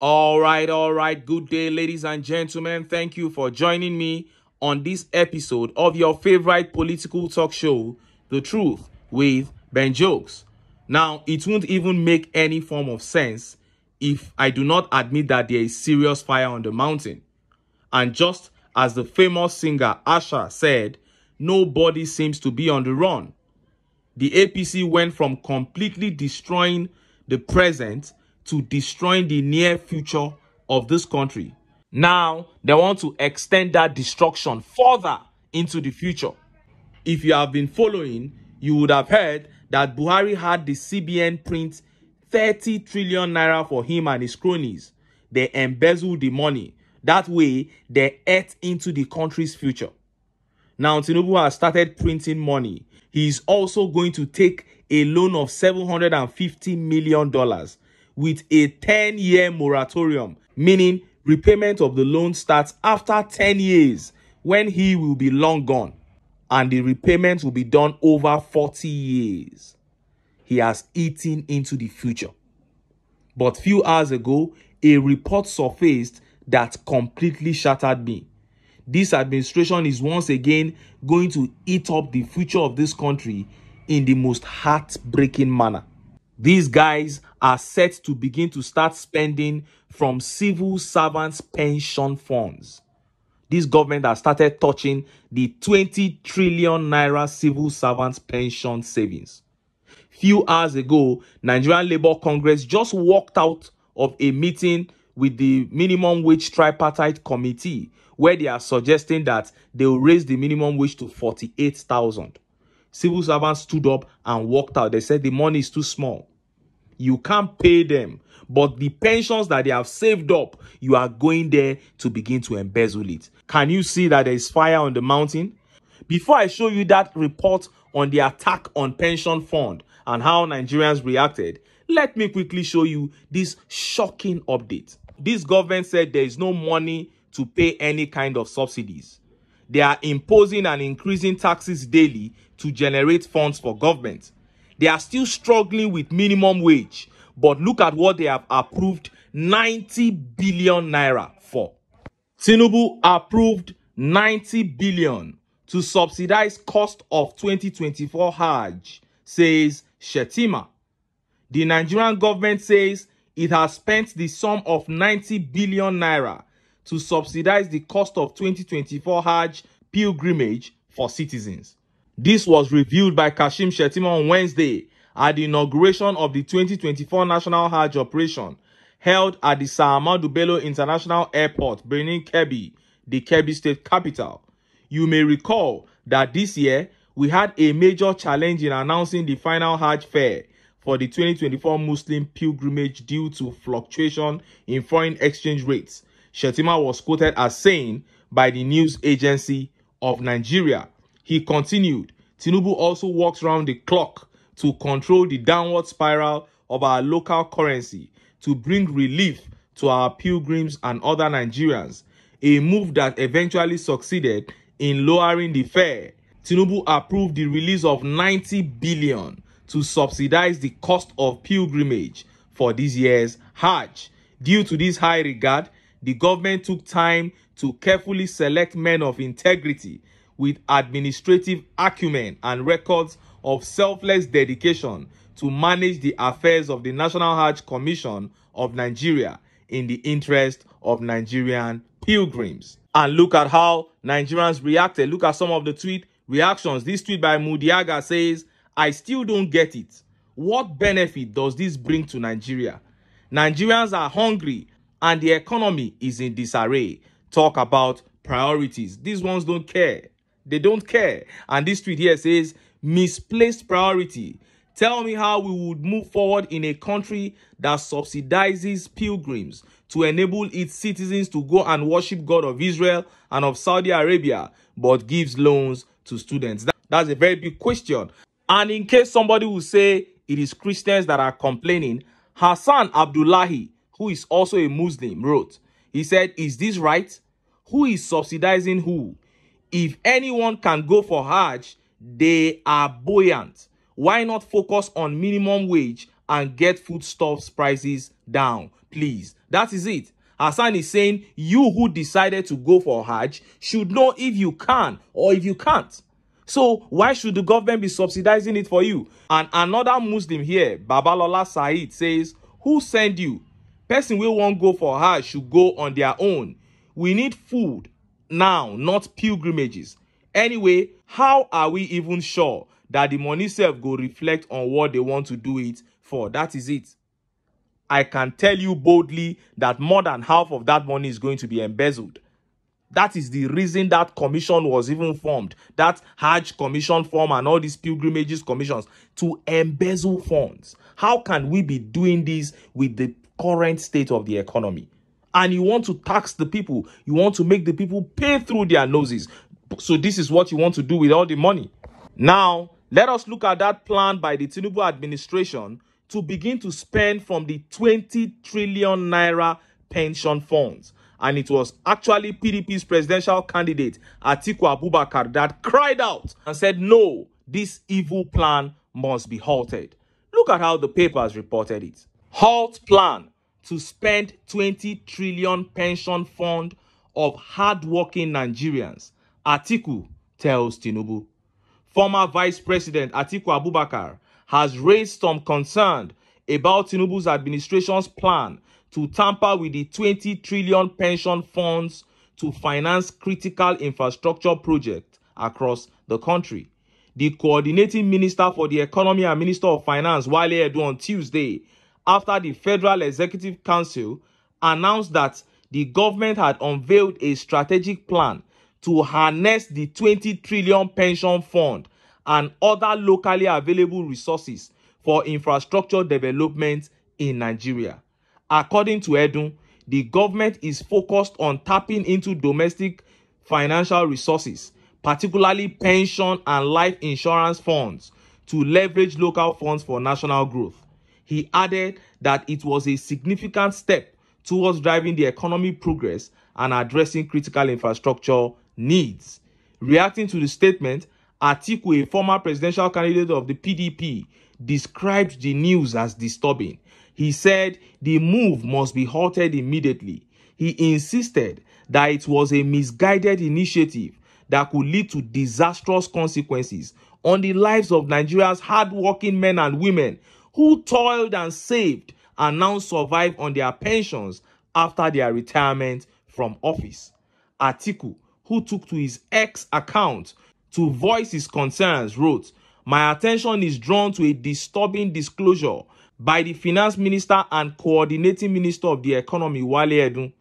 All right, all right. Good day, ladies and gentlemen. Thank you for joining me on this episode of your favorite political talk show, The Truth with Ben Jokes. Now, it won't even make any form of sense if I do not admit that there is serious fire on the mountain. And just as the famous singer Asha said, nobody seems to be on the run. The APC went from completely destroying the present to destroying the near future of this country. Now, they want to extend that destruction further into the future. If you have been following, you would have heard that Buhari had the CBN print 30 trillion naira for him and his cronies. They embezzled the money. That way, they ate into the country's future. Now, Tinubu has started printing money. He is also going to take a loan of $750 million with a 10 year moratorium, meaning repayment of the loan starts after 10 years when he will be long gone and the repayment will be done over 40 years. He has eaten into the future. But few hours ago, a report surfaced that completely shattered me. This administration is once again going to eat up the future of this country in the most heartbreaking manner. These guys are set to begin to start spending from civil servants' pension funds. This government has started touching the 20 trillion naira civil servants' pension savings. Few hours ago, Nigerian Labour Congress just walked out of a meeting with the minimum wage tripartite committee where they are suggesting that they will raise the minimum wage to 48,000. Civil servants stood up and walked out. They said the money is too small. You can't pay them. But the pensions that they have saved up, you are going there to begin to embezzle it. Can you see that there is fire on the mountain? Before I show you that report on the attack on pension fund and how Nigerians reacted, let me quickly show you this shocking update. This government said there is no money to pay any kind of subsidies. They are imposing and increasing taxes daily to generate funds for government. They are still struggling with minimum wage. But look at what they have approved 90 billion naira for. Tinubu approved 90 billion to subsidize cost of 2024 Hajj, says Shetima. The Nigerian government says it has spent the sum of 90 billion naira to subsidize the cost of 2024 Hajj pilgrimage for citizens. This was revealed by Kashim Shetima on Wednesday at the inauguration of the 2024 National Hajj Operation held at the Sa'amadu Bello International Airport, Benin, Kebbi, the Kebbi state capital. You may recall that this year, we had a major challenge in announcing the final Hajj fare for the 2024 Muslim pilgrimage due to fluctuation in foreign exchange rates. Shetima was quoted as saying by the news agency of Nigeria he continued, Tinubu also works round the clock to control the downward spiral of our local currency to bring relief to our pilgrims and other Nigerians, a move that eventually succeeded in lowering the fare. Tinubu approved the release of 90 billion to subsidize the cost of pilgrimage for this year's Hajj. Due to this high regard, the government took time to carefully select men of integrity with administrative acumen and records of selfless dedication to manage the affairs of the National Hajj Commission of Nigeria in the interest of Nigerian pilgrims. And look at how Nigerians reacted. Look at some of the tweet reactions. This tweet by Mudiaga says, I still don't get it. What benefit does this bring to Nigeria? Nigerians are hungry and the economy is in disarray. Talk about priorities. These ones don't care. They don't care. And this tweet here says, misplaced priority. Tell me how we would move forward in a country that subsidizes pilgrims to enable its citizens to go and worship God of Israel and of Saudi Arabia, but gives loans to students. That, that's a very big question. And in case somebody will say it is Christians that are complaining, Hassan Abdullahi, who is also a Muslim, wrote, he said, is this right? Who is subsidizing who? If anyone can go for Hajj, they are buoyant. Why not focus on minimum wage and get foodstuffs prices down, please? That is it. Hassan is saying, you who decided to go for Hajj should know if you can or if you can't. So why should the government be subsidizing it for you? And another Muslim here, Babalola Said, says, who send you? Person will won't go for Hajj should go on their own. We need food now, not pilgrimages. Anyway, how are we even sure that the money self go reflect on what they want to do it for? That is it. I can tell you boldly that more than half of that money is going to be embezzled. That is the reason that commission was even formed. That Hajj commission form and all these pilgrimages commissions to embezzle funds. How can we be doing this with the current state of the economy? and you want to tax the people. You want to make the people pay through their noses. So this is what you want to do with all the money. Now, let us look at that plan by the Tinubu administration to begin to spend from the 20 trillion naira pension funds. And it was actually PDP's presidential candidate, Atiku Abubakar, that cried out and said, no, this evil plan must be halted. Look at how the papers reported it. Halt plan to spend 20 trillion pension fund of hardworking Nigerians, Atiku tells Tinubu. Former Vice President Atiku Abubakar has raised some concern about Tinubu's administration's plan to tamper with the 20 trillion pension funds to finance critical infrastructure projects across the country. The coordinating minister for the economy and minister of finance, Wale Edu, on Tuesday after the Federal Executive Council announced that the government had unveiled a strategic plan to harness the 20 trillion pension fund and other locally available resources for infrastructure development in Nigeria. According to Edun, the government is focused on tapping into domestic financial resources, particularly pension and life insurance funds, to leverage local funds for national growth. He added that it was a significant step towards driving the economy progress and addressing critical infrastructure needs. Reacting to the statement, Atiku, a former presidential candidate of the PDP, described the news as disturbing. He said the move must be halted immediately. He insisted that it was a misguided initiative that could lead to disastrous consequences on the lives of Nigeria's hardworking men and women who toiled and saved and now survive on their pensions after their retirement from office. Atiku, who took to his ex account to voice his concerns, wrote, My attention is drawn to a disturbing disclosure by the finance minister and coordinating minister of the economy, Wale Edun,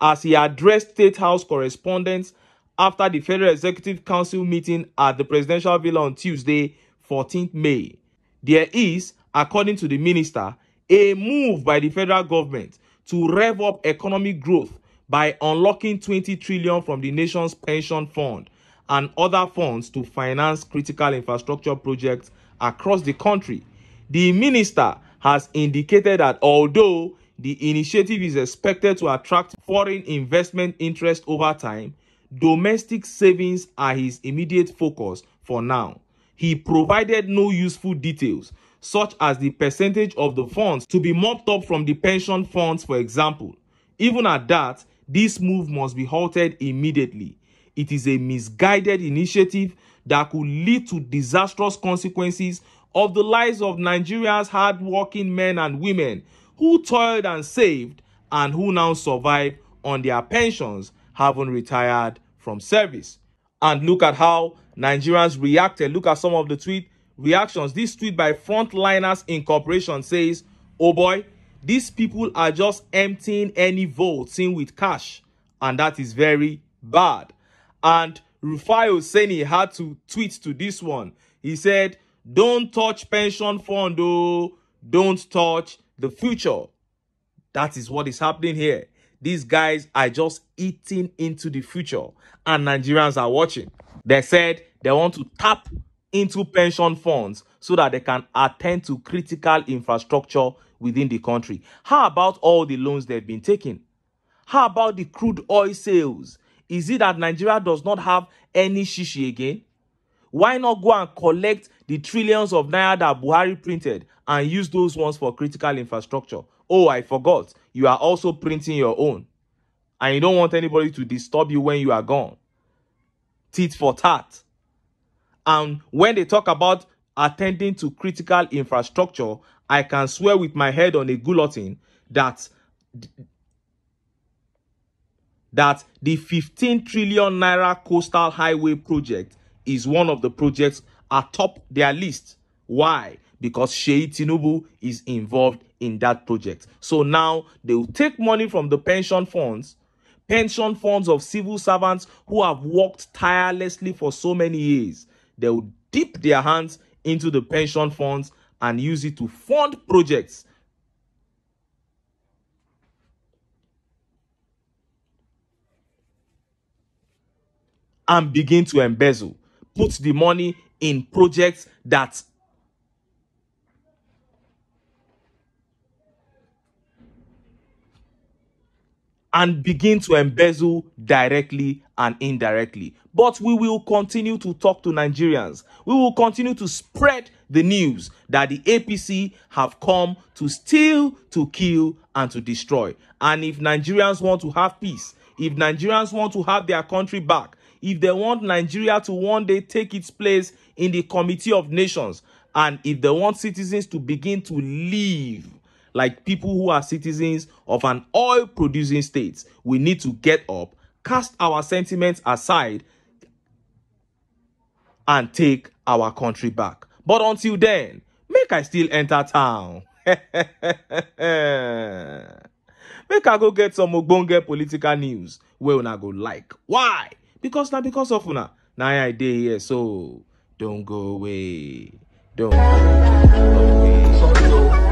as he addressed State House correspondents after the Federal Executive Council meeting at the Presidential Villa on Tuesday, 14th May. There is according to the minister, a move by the federal government to rev up economic growth by unlocking 20 trillion from the nation's pension fund and other funds to finance critical infrastructure projects across the country. The minister has indicated that although the initiative is expected to attract foreign investment interest over time, domestic savings are his immediate focus for now. He provided no useful details such as the percentage of the funds to be mopped up from the pension funds, for example. Even at that, this move must be halted immediately. It is a misguided initiative that could lead to disastrous consequences of the lives of Nigeria's working men and women who toiled and saved and who now survive on their pensions, having retired from service. And look at how Nigerians reacted. Look at some of the tweets reactions, this tweet by Frontliners Incorporation says, Oh boy, these people are just emptying any votes in with cash. And that is very bad. And Rufai Oseni had to tweet to this one. He said, don't touch pension fund, oh, don't touch the future. That is what is happening here. These guys are just eating into the future and Nigerians are watching. They said they want to tap into pension funds so that they can attend to critical infrastructure within the country. How about all the loans they've been taking? How about the crude oil sales? Is it that Nigeria does not have any shishi again? Why not go and collect the trillions of naira that Buhari printed and use those ones for critical infrastructure? Oh, I forgot. You are also printing your own. And you don't want anybody to disturb you when you are gone. Tit for tat. And when they talk about attending to critical infrastructure, I can swear with my head on a guillotine that that the 15 trillion naira coastal highway project is one of the projects atop their list. Why? Because Shei Tinubu is involved in that project. So now they will take money from the pension funds, pension funds of civil servants who have worked tirelessly for so many years they will dip their hands into the pension funds and use it to fund projects and begin to embezzle. Put the money in projects that and begin to embezzle directly and indirectly. But we will continue to talk to Nigerians. We will continue to spread the news that the APC have come to steal, to kill, and to destroy. And if Nigerians want to have peace, if Nigerians want to have their country back, if they want Nigeria to one day take its place in the Committee of Nations, and if they want citizens to begin to live like people who are citizens of an oil producing state, we need to get up, cast our sentiments aside, and take our country back. But until then, make I still enter town. make I go get some ogbonge political news wey una go like. Why? Because now because of una. Now I dey here, so don't go away. Don't go away.